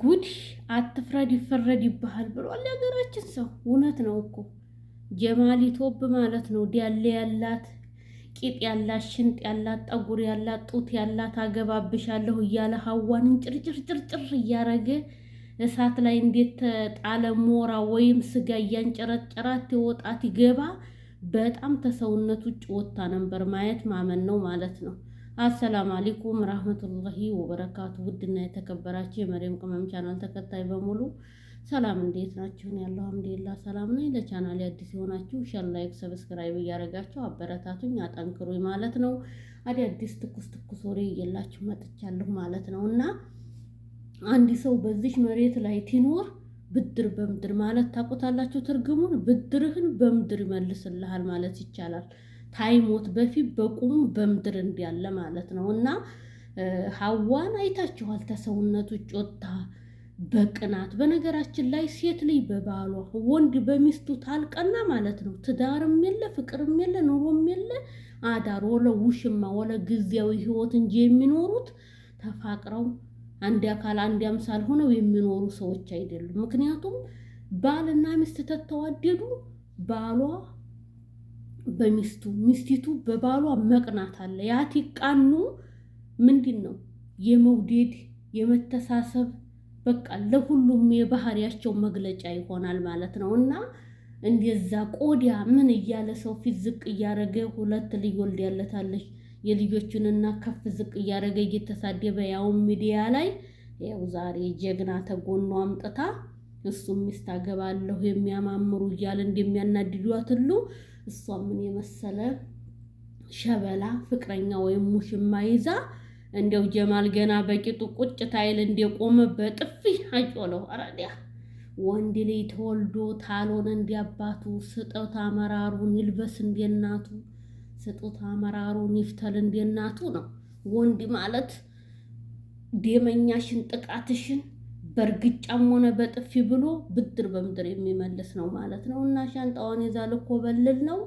ጉድ አትፍረድ ይፈረድ ይባሃል ብሏል የሀገራችን ሰው። እውነት ነው እኮ ጀማሊ ቶብ ማለት ነው ዲያለ ያላት ቂጥ ያላት ሽንጥ ያላት ጠጉር ያላት ጡት ያላት አገባብሻለሁ እያለ ሀዋንን ጭርጭርጭርጭር እያረገ እሳት ላይ እንዴት ተጣለ ሞራ ወይም ስጋ እያንጨረጨራት የወጣት ይገባ በጣም ተሰውነት ውጭ ወጥታ ነበር። ማየት ማመን ነው ማለት ነው። አሰላም አለይኩም ራህመቱላሂ ወበረካቱ። ውድና የተከበራችሁ የመሪም ቅመም ቻናል ተከታይ በሙሉ ሰላም እንዴት ናችሁን? ያለው አልሐምዱሊላህ ሰላም ነኝ። ለቻናል አዲስ የሆናችሁ ሼር፣ ላይክ፣ ሰብስክራይብ እያደረጋችሁ አበረታቱኝ፣ አጠንክሩኝ ማለት ነው። አዲስ ትኩስ ትኩስ ወሬ እየላችሁ መጥቻለሁ ማለት ነው እና አንድ ሰው በዚህ መሬት ላይ ቲኖር ብድር በምድር ማለት ታውቁታላችሁ ትርጉሙን። ብድርህን በምድር ይመልስልሃል ማለት ይቻላል። ታይሞት በፊት በቁሙ በምድር እንዲያለ ማለት ነው። እና ሀዋን አይታችኋል፣ ተሰውነቱ ጮታ በቅናት በነገራችን ላይ ሴት ልጅ በባሏ ወንድ በሚስቱ ታልቀና ማለት ነው። ትዳርም የለ ፍቅርም የለ ኑሮም የለ አዳር ወለ ውሽማ ወለ ጊዜያዊ ህይወት እንጂ የሚኖሩት ተፋቅረው አንድ አካል አንድ አምሳል ሆነው የሚኖሩ ሰዎች አይደሉም። ምክንያቱም ባልና ሚስት ተተዋደዱ ባሏ በሚስቱ ሚስቲቱ በባሏ መቅናት አለ። ያቲ ቃኑ ምንድን ነው የመውደድ የመተሳሰብ በቃ ለሁሉም የባህሪያቸው መግለጫ ይሆናል ማለት ነው። እና እንደዛ ቆዳ ምን እያለ ሰው ፊት ዝቅ እያደረገ ሁለት ወልድ ያለታለች የልጆቹንና ከፍ ዝቅ እያደረገ እየተሳደበ ያው ሚዲያ ላይ ያው ዛሬ ጀግና ተጎኖ አምጥታ እሱም ሚስት አገባለሁ የሚያማምሩ እያለ እንደሚያናድዷት ሁሉ እሷ ምን የመሰለ ሸበላ ፍቅረኛ ወይም ሙሽማ ይዛ እንደው ጀማል ገና በቂጡ ቁጭ ታይል እንደቆመ በጥፊ አጮለው። አራዲያ ወንድ ልጅ ተወልዶ ታሎን እንዲያባቱ ስጠት አመራሩን ይልበስ እንደናቱ ስጦታ አመራሩን ይፍተል እንደናቱ ነው ወንድ ማለት ደመኛሽን ጥቃትሽን በእርግጫም ሆነ በጥፊ ብሎ ብድር በምድር የሚመልስ ነው ማለት ነው። እና ሻንጣዋን ይዛ ልኮበልል ነው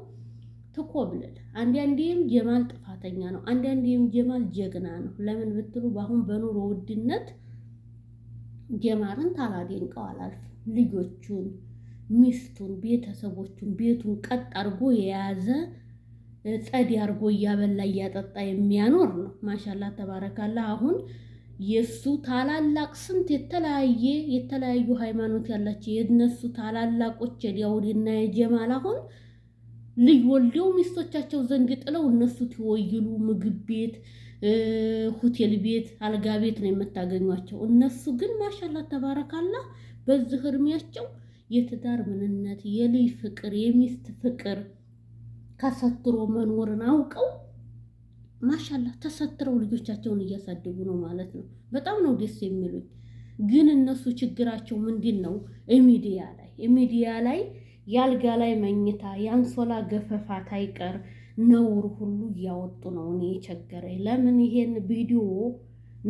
ትኮብልል። አንዳንዴም ጀማል ጥፋተኛ ነው፣ አንዳንዴም ጀማል ጀግና ነው። ለምን ብትሉ በአሁን በኑሮ ውድነት ጀማልን ታላደንቀው አላልፍም። ልጆቹን፣ ሚስቱን፣ ቤተሰቦቹን፣ ቤቱን ቀጥ አድርጎ የያዘ ጸድ አድርጎ እያበላ እያጠጣ የሚያኖር ነው። ማሻላ ተባረካላ አሁን የእሱ ታላላቅ ስንት የተለያየ የተለያዩ ሃይማኖት ያላቸው የእነሱ ታላላቆች የዳውድና የጀማል አሁን ልጅ ወልደው ሚስቶቻቸው ዘንድ ጥለው እነሱ ትወይሉ ምግብ ቤት፣ ሆቴል ቤት፣ አልጋ ቤት ነው የምታገኟቸው። እነሱ ግን ማሻላ ተባረካላ በዚህ እድሜያቸው የትዳር ምንነት፣ የልጅ ፍቅር፣ የሚስት ፍቅር ከሰትሮ መኖርን አውቀው ማሻላ ተሰትረው ልጆቻቸውን እያሳደጉ ነው ማለት ነው። በጣም ነው ደስ የሚሉኝ። ግን እነሱ ችግራቸው ምንድን ነው? ሚዲያ ላይ ሚዲያ ላይ ያልጋ ላይ መኝታ የአንሶላ ገፈፋት አይቀር ነውር ሁሉ እያወጡ ነው። እኔ የቸገረኝ ለምን ይሄን ቪዲዮ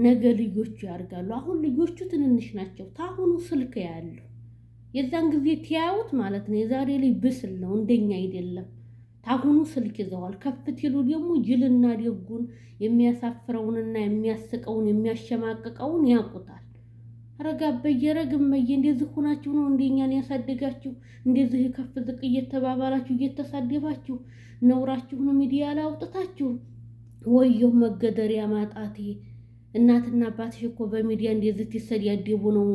ነገ ልጆቹ ያርጋሉ። አሁን ልጆቹ ትንንሽ ናቸው። ታሁኑ ስልክ ያሉ የዛን ጊዜ ትያዩት ማለት ነው። የዛሬ ልጅ ብስል ነው፣ እንደኛ አይደለም። ታሁኑ ስልክ ይዘዋል። ከፍት ይሉ ደግሞ ጅልና ደጉን የሚያሳፍረውንና የሚያስቀውን የሚያሸማቅቀውን ያውቁታል። በየረግም በየ እንደዚህ ሆናችሁ ነው እንደኛን ያሳደጋችሁ። እንደዚህ ከፍ ዝቅ እየተባባላችሁ እየተሳደባችሁ ነውራችሁን ሚዲያ ላይ አውጥታችሁ ወየው መገደሪያ ማጣቴ እናትና አባትሽ እኮ በሚዲያ እንደዚህ ያደቡ ነው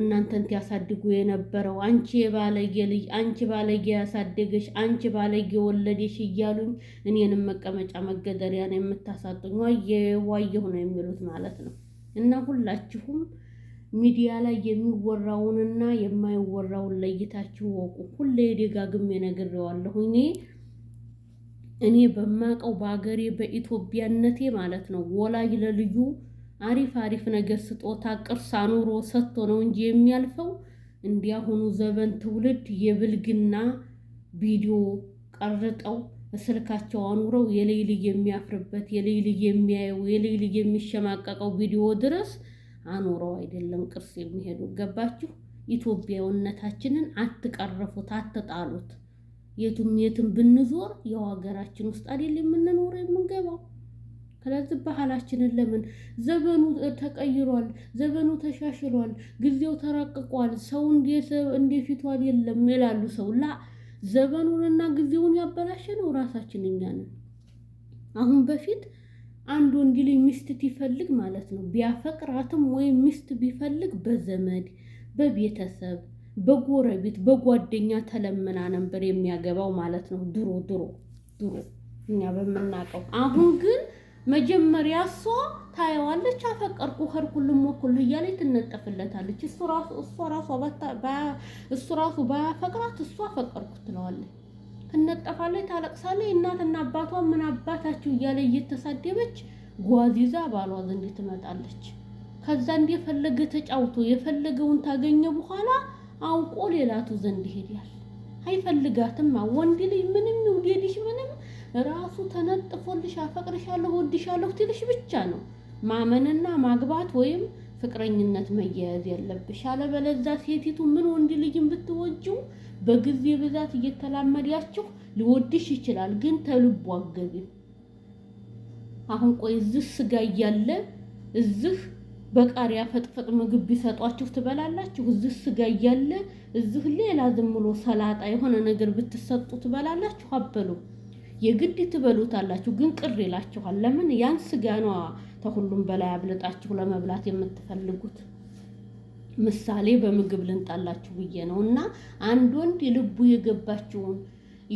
እናንተን ያሳድጉ የነበረው። አንቺ የባለጌ ልጅ፣ አንቺ ባለጌ ያሳደገሽ፣ አንቺ ባለጌ ወለደሽ እያሉኝ እኔንም መቀመጫ መገደሪያ ነው የምታሳጡኝ፣ ዋየ ዋየሁ ነው የሚሉት ማለት ነው። እና ሁላችሁም ሚዲያ ላይ የሚወራውንና የማይወራውን ለይታችሁ ወቁ። ሁሌ ደጋግሜ ነግሬዋለሁ እኔ እኔ በማቀው በአገሬ በኢትዮጵያነቴ ማለት ነው ወላጅ ለልዩ አሪፍ አሪፍ ነገር ስጦታ ቅርስ አኑሮ ሰጥቶ ነው እንጂ የሚያልፈው። እንዲያሁኑ ዘበን ትውልድ የብልግና ቪዲዮ ቀርጠው ስልካቸው አኑረው የልይ ልይ የሚያፍርበት የልይ ልይ የሚያየው የልይ ልይ የሚሸማቀቀው ቪዲዮ ድረስ አኑረው አይደለም ቅርስ የሚሄዱ ገባችሁ። ኢትዮጵያዊነታችንን አትቀረፉት፣ አትጣሉት። የቱም የትም ብንዞር የው ሀገራችን ውስጥ አይደል የምንኖረው የምንገባው ስለዚህ ባህላችንን ለምን ዘመኑ ተቀይሯል፣ ዘመኑ ተሻሽሏል፣ ጊዜው ተራቅቋል፣ ሰው እንደ ፊቱ የለም ይላሉ ሰው ላ ዘመኑንና ጊዜውን ያበላሸ ነው ራሳችን እኛ ነን። አሁን በፊት አንድ ወንድ ልጅ ሚስት ይፈልግ ማለት ነው ቢያፈቅራትም ወይም ሚስት ቢፈልግ በዘመድ በቤተሰብ በጎረቤት በጓደኛ ተለምና ነበር የሚያገባው ማለት ነው። ድሮ ድሮ ድሮ እኛ በምናውቀው አሁን ግን መጀመሪያ እሷ ታየዋለች። አፈቀርኩ ኸር ኩልም እያለች ትነጠፍለታለች። እሱ ራሱ እሷ ራሷ እሱ ራሱ ባያፈቅራት እሷ አፈቀርኩ ትለዋለች። ትነጠፋለች፣ ታለቅሳለች። እናትና አባቷ ምን አባታችሁ እያለ እየተሳደበች ጓዝ ይዛ ባሏ ዘንድ ትመጣለች። ከዛ ፈለገ ተጫውቶ የፈለገውን ታገኘ በኋላ አውቆ ሌላቱ ዘንድ ይሄዳል። አይፈልጋትማ ወንድ ልጅ ምንም ይውደድሽ ምንም ራሱ ተነጥፎልሽ አፈቅርሻለሁ፣ ወድሻለሁ ትልሽ ብቻ ነው ማመንና ማግባት ወይም ፍቅረኝነት መያያዝ ያለብሽ። አለበለዚያ ሴቲቱ ምን ወንድ ልጅን ብትወጂው በጊዜ ብዛት እየተላመዳችሁ ሊወድሽ ይችላል፣ ግን ተልቦ አገቢም። አሁን ቆይ እዚህ ስጋ እያለ እዚህ በቃሪያ ፈጥፈጥ ምግብ ቢሰጧችሁ ትበላላችሁ? እዚህ ስጋ እያለ እዚህ ሌላ ዝም ብሎ ሰላጣ የሆነ ነገር ብትሰጡ ትበላላችሁ? አበሉ የግድ ትበሉታላችሁ፣ ግን ቅር ይላችኋል። ለምን ያን ስጋ ነው ከሁሉም በላይ አብልጣችሁ ለመብላት የምትፈልጉት። ምሳሌ በምግብ ልንጣላችሁ ብዬ ነው። እና አንድ ወንድ ልቡ የገባችውን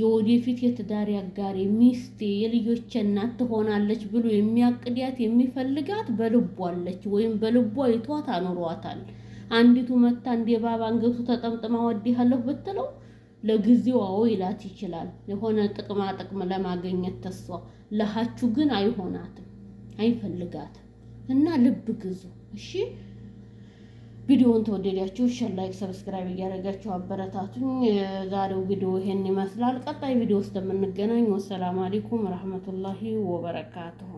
የወደፊት የትዳሪ አጋሪ ሚስቴ የልጆች እናት ትሆናለች ብሎ የሚያቅድያት የሚፈልጋት በልቡ አለች ወይም በልቡ ይቷት አኑሯታል። አንዲቱ መታ እንደ የባባ አንገቱ ተጠምጥማ ወዲህ አለሁ ብትለው ለጊዜው አዎ ይላት ይችላል የሆነ ጥቅማ ጥቅም ለማገኘት ተሷ ለሀቹ ግን አይሆናትም፣ አይፈልጋትም። እና ልብ ግዙ እሺ። ቪዲዮውን ተወደዳችሁ ሸር፣ ላይክ፣ ሰብስክራይብ እያደረጋችሁ አበረታቱኝ። ዛሬው ቪዲዮ ይሄን ይመስላል። ቀጣይ ቪዲዮ ውስጥ የምንገናኝ። ወሰላም አለይኩም ረህመቱላሂ ወበረካቱሁ።